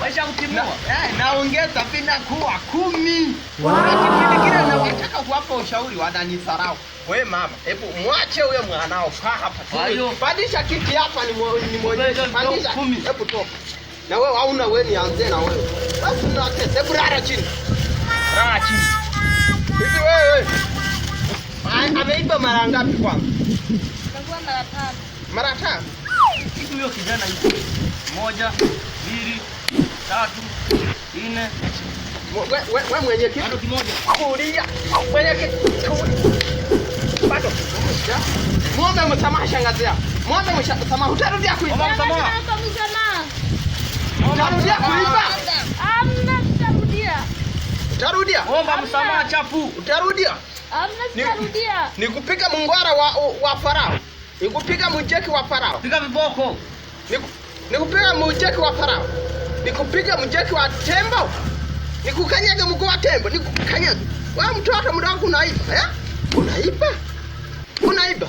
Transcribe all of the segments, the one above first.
washakutimua eh, naongea safina kuwa kumi. Kipindikile nawataka kuwapa ushauri, wananisarau. We mama, hebu mwache huyo mwanao kaa hapa, padisha kiti hapa, hebu toka na wewe, hauna wewe, nianze na wewe basi, nakese. Hebu rara chini, rara chini. Hivi wewe ameiba mara ngapi kwanza? Mara tatu. Mara tatu. Hivi huyo kijana yuko moja tatu, nne. Wewe mwenye kitu kimoja. Kulia. Mwenye kitu. Bado. Muombe msamaha shangazi yako. Muombe msamaha. Utarudia kuiba. Muombe msamaha. Utarudia kuiba. Amna utarudia. Utarudia. Muombe msamaha chafu. Utarudia. Amna utarudia. Nikupiga mngwara wa wa Farao. Nikupiga mjeki wa Farao. Piga viboko. Nikupiga mjeki wa Farao nikupiga mjeki wa tembo, nikukanyage mguu wa tembo, nikukanyage wewe mtoto mdogo, unaiba eh? Unaiba, unaiba.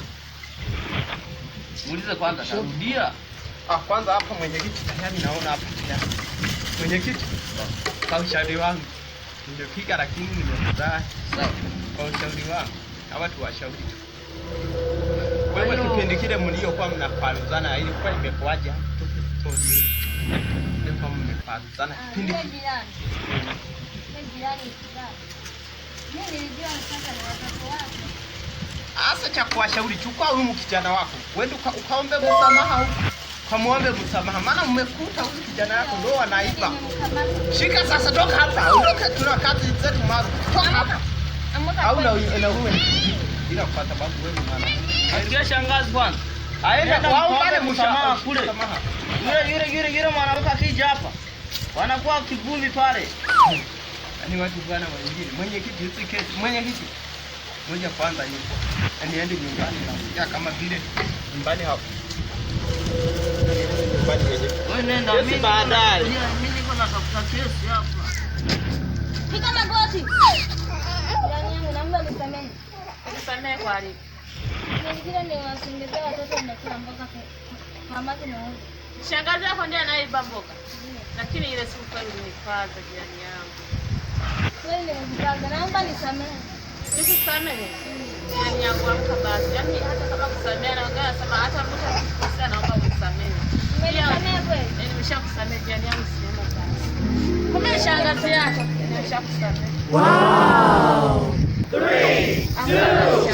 Muulize kwanza, tarudia. Ah, kwanza hapa mwenyekiti, tayari naona hapa tayari. Mwenyekiti, kwa ushauri wangu nilipika, lakini nimefurahi. Sawa, kwa ushauri wangu hawa tuwashauri tu wewe kipindi kile mliokuwa mnaparuzana ilikuwa imekuaje? Ilikuwa mmeparuzana kipindi kile. cha kuwashauri, chukua huyu kijana wako wende ukaombe msamaha kamwombe msamaha, maana mmekuta huyu kijana wako ndio anaiba. Shika sasa, toka hapa, ondoka, tuna kazi zetu mazo, toka hapa au na uwe ila kwa sababu wewe ni mwanamke Asikia shangazi kwanza. Aenda wao pale msamaha kule. Yule yule yule yule mwanamke akija hapa. Wanakuwa kivuli pale. Yaani watu bwana wengine. Mwenye kiti hizi kesi, mwenye kiti. Moja kwanza yuko. Yaani aende nyumbani na kama vile nyumbani hapo. Wewe nenda mimi baadaye. Mimi niko na tafuta kesi hapa. Pika magoti. Yaani yangu naomba nisamehe. Nisamehe kwa hali. Mazingira ni wasingezea watoto mboga na Shangazi yako ndiye anayeiba mboga. Lakini ile kweli jirani yangu. Kweli Naomba nisamehe. Jirani yangu amka basi. Yaani hata kama kusamehe na wengine hata mtu akikosea naomba unisamehe. kweli? Yaani nimeshakusamehe jirani yangu sema basi. Kumbe shangazi yako nimeshakusamehe. Wow. 3 2